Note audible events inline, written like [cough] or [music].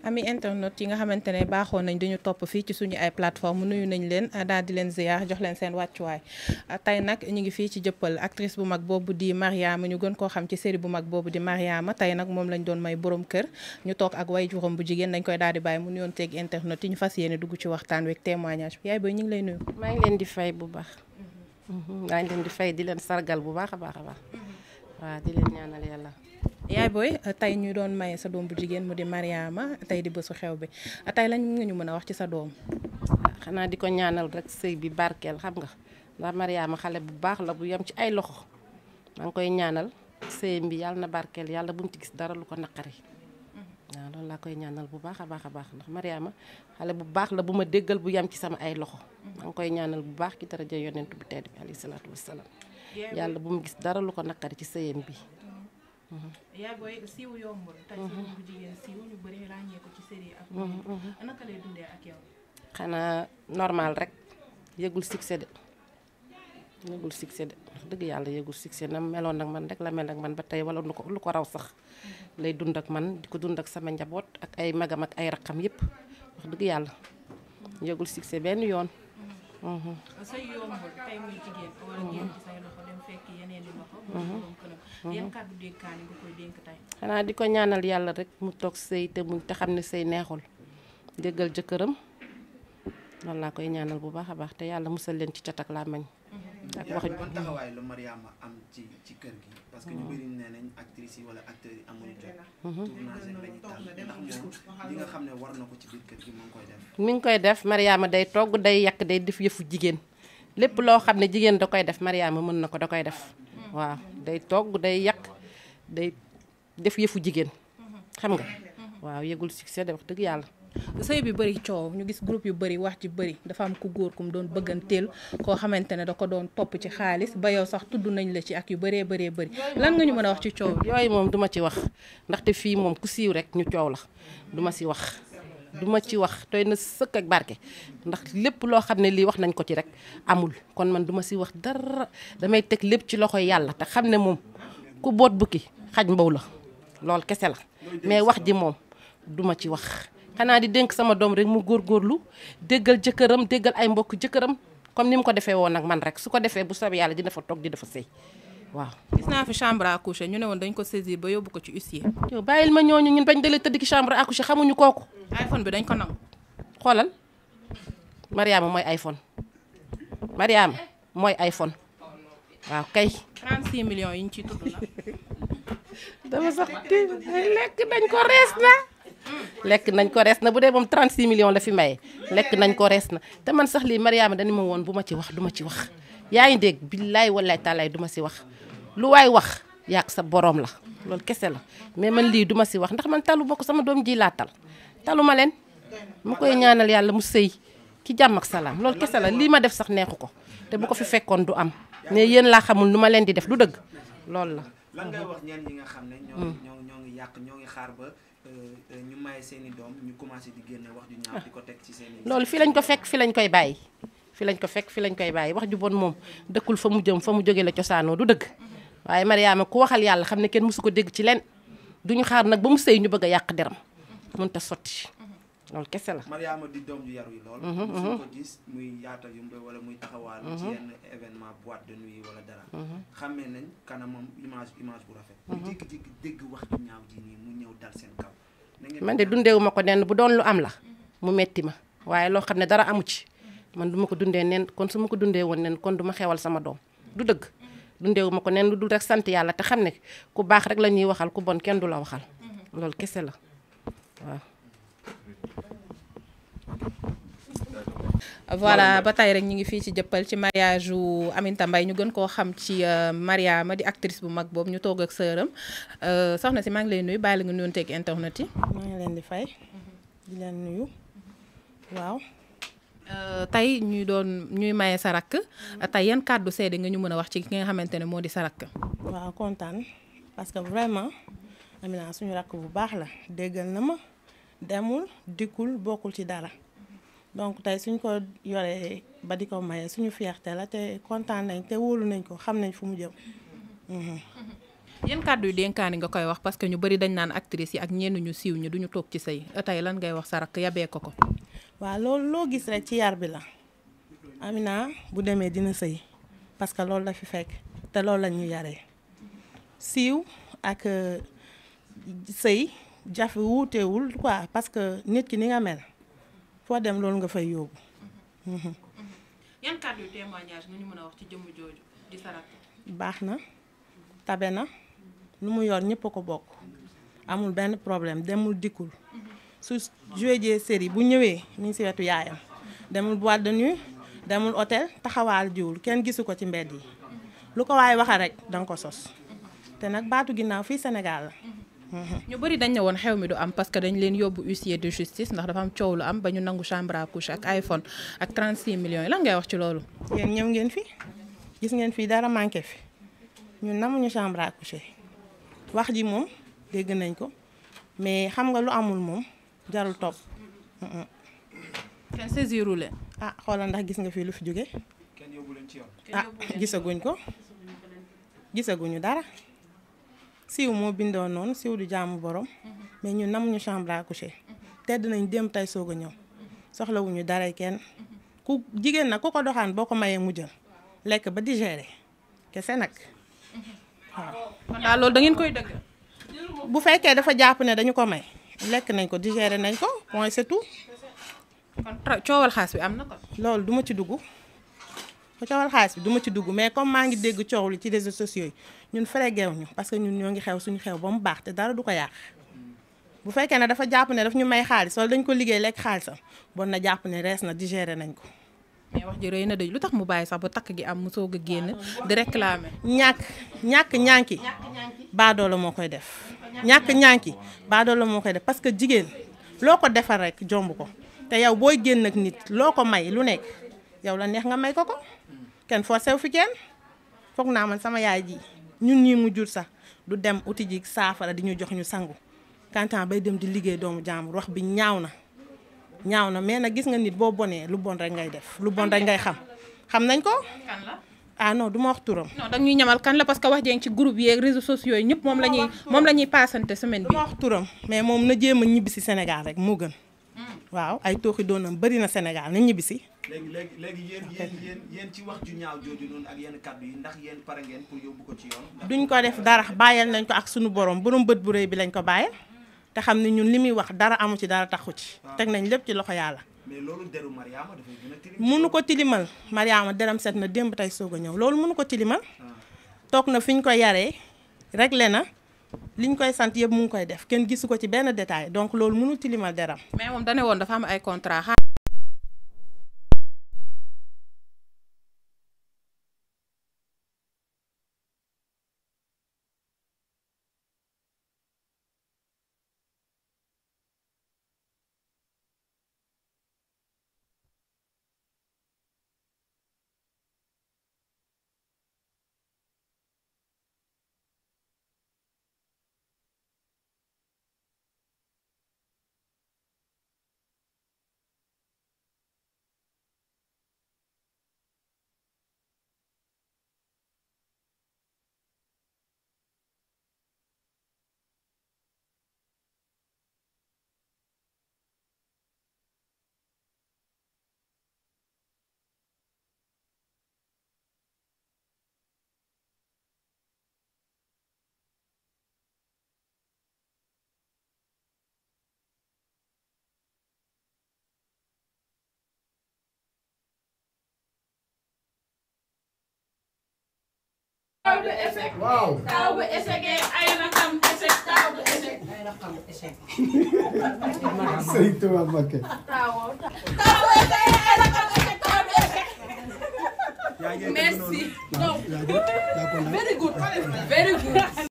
ami internet yi nga xamante ne baaxoon nañ dañu topp fii ci suñu ay plateforme nuyu nañ leen ah, daal di leen ziar jox leen seen wàccuwaay ah, tey nag ñu ngi fii ci jëppal actrice bu mag boobu di Mariama ñu gën koo xam ci série bu mag boobu di Mariama tey nag moom lañ doon may borom kër ñu toog ak way juróom bu jigéen dañ koy daal di bàyyi mu yoon teeg internet yi ñu fas yéene dugg ci waxtaan week témoignage bi yaay booy ñu ngi lay nuyu maa ngi leen di fay bu baax mhm. maa ngi di fay di leen sargal bu baax a baax a baax mhm. waaw di leen ñaanal yaay booy tey ñuy doon maye sa doom bu jigéen mu di Mariama tey di bësu xew bi tey lañ nga ñu mën a wax ci sa doom. xanaa di ko ñaanal rek sëy bi barkeel xam nga ndax Mariama xale bu baax la bu yem ci ay loxo maa ngi koy ñaanal sëyam bi yàlla na barkeel yàlla bu ci gis dara lu ko naqari. Mhm. waaw loolu laa koy ñaanal bu baax a baax baax ndax Mariama xale bu baax la bu ma déggal bu yem ci sama ay loxo. Mhm. maa ngi koy ñaanal bu baax ci daraja yonent bu tedd bi alayhi salaatu wasalaam. yàlla bu mu gis dara lu ko naqari ci sëyam bi. Mm-hmm. yaa booy siiw yombul. tey siiw mm-hmm. jigéen siiw ñu bëri ràññee ko ci série ak. Mm-hmm. ak yow. xanaa normal rek yëgul succès de yëgul succès de wax dëgg yàlla yëgul succès na meloon nag man rek la mel ak man ba tey wala lu ko lu ko raw sax lay dund ak man di ko dund ak sama njaboot ak ay magam ak ay raqam yëpp wax dëgg yàlla yëgul succès benn yoon. yan mhm. kàddu dénkaane xanaa di ko ñaanal yàlla rek mu toog sëy te muñ te xam ne sëy neexul déggal jëkkëram loolu laa koy ñaanal bu baax a baax te yàlla musal leen ci cat ak làmmiñ mhm. ak wax mhm. la Mariama am ci mu ngi koy def. mi ngi day togg day yàq day def yëfu jigéen lépp loo xam ne jigéen da koy def Mariama mën na ko da koy def waaw. day togg day yàq day def yëfu jigéen xam nga mhm. waaw yëgul succès de wax dëgg yàlla sëy bi bëri coow ñu gis groupe yu bari wax ci bëri dafa am ku góor kum doon bëgganteel koo xamante ne da ko doon topp ci xaalis ba sax tudd nañ la ci ak yu bëree bëree bari lan nga ñu mën a wax ci coow yooyu moom duma ci wax ndaxte fii moom ku siiw rek ñu coow la duma ci wax du ma ci wax tey na sëkk ak barke ndax lépp loo xam ne lii wax nañ ko ci rek amul kon man duma ma si wax dara damay teg lépp ci loxo yàlla te xam ne moom ku boot bukki xaj mbaw la loolu kese la mais wax ji moom duma ci wax xanaa di dénk sama doom rek mu góorgóorlu déggal jëkkëram déggal ay mbokk jëkkëram comme ni mu ko defee woon ak man rek su ko defee bu soobee yàlla dina fa toog di dafa sëy waaw gis naa fi chambre à coucher ñu ne woon dañ ko saisir ba yóbbu ko ci huissier. yow bàyyil ma ñooñu ñun bañ dalee tëdd ki chambre à coucher xamuñu kooku. iPhone bi dañ ko nangu. xoolal Mariama mooy iPhone Mariama mooy iPhone waaw kay. 36 millions yi ñu ciy tudd nag. [laughs] sax kii lekk nañ ko rees na. lekk nañ ko rees na bu dee moom 36 millions la fi maye lekk nañ ko rees na te man sax lii Mariama dañu ma woon bu ma ci wax du ma ci wax yaa ngi dégg billaay wallaay taalaay du si wax. lu waay wax yàq sa boroom la loolu kese la mais man lii duma si wax ndax man talu bokk sama doom ji laa tal talu ma leen mu koy ñaanal yàlla mu sëy ki jàmm ak salaam loolu kese la lii ma def sax neexu ko te bu ko fi fekkoon du am mais yéen laa xamul nu ma leen di def du dëgg loolu la. lan ngay nga xam ne. ñoo hmm. ñoo ñoo ngi yàq ñoo ngi xaar ba euh, ñu maye seen i doom ñu commencé di génne wax loolu fi lañ ko fekk fi lañ koy bàyyi fi lañ ko fekk fi lañ koy bàyyi wax ju bon moom dëkkul fa mu jëm fa mu jógee la cosaanoo du dëgg. waaye Mariama ku waxal yàlla xam ne kenn mësu ko dégg ci leen duñu xaar nag ba mu sëy ñu bëgg a yàq deram mënut a sotti loolu kese la. Mariama di doom ju yaru yi lool. mësu mhm, mhm. ko gis muy yaata yu wala muy taxawaal. Mhm. ci yenn événement boîte de nuit wala dara. xamee nañ bu rafet. mu wax ju ñaaw ñëw dal seen kaw. man de dundeewu ma ko nen bu doon lu am la mu metti ma waaye loo xam ne dara amu ci man du ma ko dundee nen kon su ma ko dundee woon nen kon du ma xewal sama doom du dëgg. dundeewu ma ko neen lu dul rek sant yàlla te xam ne ku baax rek la ñuy waxal ku bon kenn du la waxal mm-hmm. lool kese la waaw. voilà ba tey rek ñu ngi fii ci jëppal ci mariage u Aminta Mbaye ñu gën koo xam ci euh, Mariama di actrice bu mag boobu ñu toog ak sëram euh, soxna si maa ngi lay nuyu bàyyi la nga nuyoon teeg internet yi. maa ngi leen di fay. di leen nuyu mm-hmm. waaw. Euh, tey ñuy doon ñuy maye sa rakk mm-hmm. tey yan kàddu seede nga ñu mën a wax ci ki nga xamante ne moo di sa rakk. waaw kontaan parce que vraiment Amina suñu rakk bu baax la déggal na ma demul dikkul bokkul ci dara donc tey suñ ko yoree ba di ko maye suñu fierté la te kontaan nañ te wóolu nañ ko xam nañ fu mu jëm. Mm-hmm. [laughs] yan kàddu yu dénkaani nga koy wax parce que ñu bari dañ naan actrice yi ak ñenn ñu siiw ñu duñu toog ci sëy tey lan ngay wax sa rakk yabee ko ko. waaw loolu loo gis rek ci yar bi la Amina bu demee dina sëy parce que loolu la fi fekk te loolu lañuy ñu yaree siiw ak euh, sëy jafe wuutewul quoi parce que nit ki ni nga mel foo dem loolu nga fay yóbbu. Mhm. yan kàddu yu témoignage ñu mën a wax ci jëmm jooju baax na tabe na lu mu yor ñëpp a ko bokk amul benn problème demul dikkul. su joué jee série bu ñëwee mi si wetu yaayam demul boîte de nuit demul hôtel taxawaal jiwul kenn gisu ko ci mbedd yi lu ko waaye waxa rek da ko sos te nag baatu ginnaaw fii Sénégal la. [laughs] ñu bëri dañ ne woon xew mi du am parce que dañ leen yóbbu huissier de justice ndax dafa am coow lu am ba ñu nangu chambre à couche ak iPhone ak 36 millions yi lan ngay wax ci loolu. yéen ñëw ngeen fi gis ngeen fii dara manqué fi ñun namuñu chambre à couche wax ji moom dégg nañ ko mais xam nga lu amul moom. jarul topp. kenn ah xoolal ndax gis nga fii lu fi jóge kenn yóbbu leen ci yoon. ah ko. gisaguñu dara. siiw moo bindoo noonu siiw du jaamu boroom mais ñun namuñu chambre à coucher. tedd nañ dem tey soog a ñëw. soxlawuñu dara kenn. ku jigéen nag ku ko doxaan boo ko mayee mu jël. lekk ba digéré. kese nag. waaw. kon daal loolu da koy dëgg. bu fekkee dafa jàpp ne dañu ko may. lekk nañ ko digéré nañ ko point c'est tout. coowal xaas bi am na ko loolu duma ci dugg coowal xaas bi du ci dugg mais comme maa ngi dégg coow li ci réseaux sociaux yi ñun frégew ñu parce que ñun ñoo ngi xew suñu xew ba mu baax te dara du ko yàq. bu fekkee ne dafa jàpp ne daf ñu may xaalis wala dañ ko liggéey lekk xaalisam bon na jàpp ne rees na digéré nañ ko. mais wax ji rëy na de lu tax mu bàyyi sax ba takk gi am mu soog a génn di réclamer. ñàkk ñàkk ñànki baadoo la moo koy def ñàkk ñànki baadoo moo koy def parce que jigéen loo ko defar rek jomb ko te yow booy génn ak nit loo ko may lu nekk yow la neex nga may ko ko kenn foo sew fi kenn foog naa man sama yaay ji ñun ñii mu jur sax du dem uti ji saafara di ñu jox ñu sangu kantaan bay dem di liggéey doomu jàmbur wax bi ñaaw na. ñaaw na mais nag gis nga nit boo bonee lu bon rek ngay def lu bon rek ngay xam xam nañ ko. kan la ah non du ma wax turam. non dañuy ñamal kan la parce que wax jeng ci group yeeg réseaux sociaux yi ñëpp moom la ñuy moom la ñuy paasante semaine bi. wax turam mais moom na jéem ñibbi si Sénégal rek moo gën. Hmm. waaw ay tooxi doonam bëri na Sénégal na ñibbi si. léegi léegi yéen yéen wax ju ñaaw jooju noonu ak ko duñ ko def dara bàyyal nañ ko ak sunu borom borom bët bu rëy bi lañ ko bàyyal te xam ne ñun li muy wax dara amu ci dara taxu ci. Ah. teg nañ lépp ci loxo yàlla. mais loolu deru tilimal. munu ko tilimal Mariama deram seet na démb tey soog a ñëw loolu munu ko tilimal. Ah. toog na fi ñu ko yaree réglé na li ñu koy sant yëpp mu ngi koy def kenn gisu ko ci benn détail donc loolu munu tilimal deram. mais moom dane woon dafa am ay contrat. taaw du échec. waaw taaw bu échecgee ay rakam échec taaw du échec. ay rakam échec. Sëriñ Tuubaa Mbakke. taawoo taaw bu échecgee ay rakam échec taaw du échec. merci donc very good very good.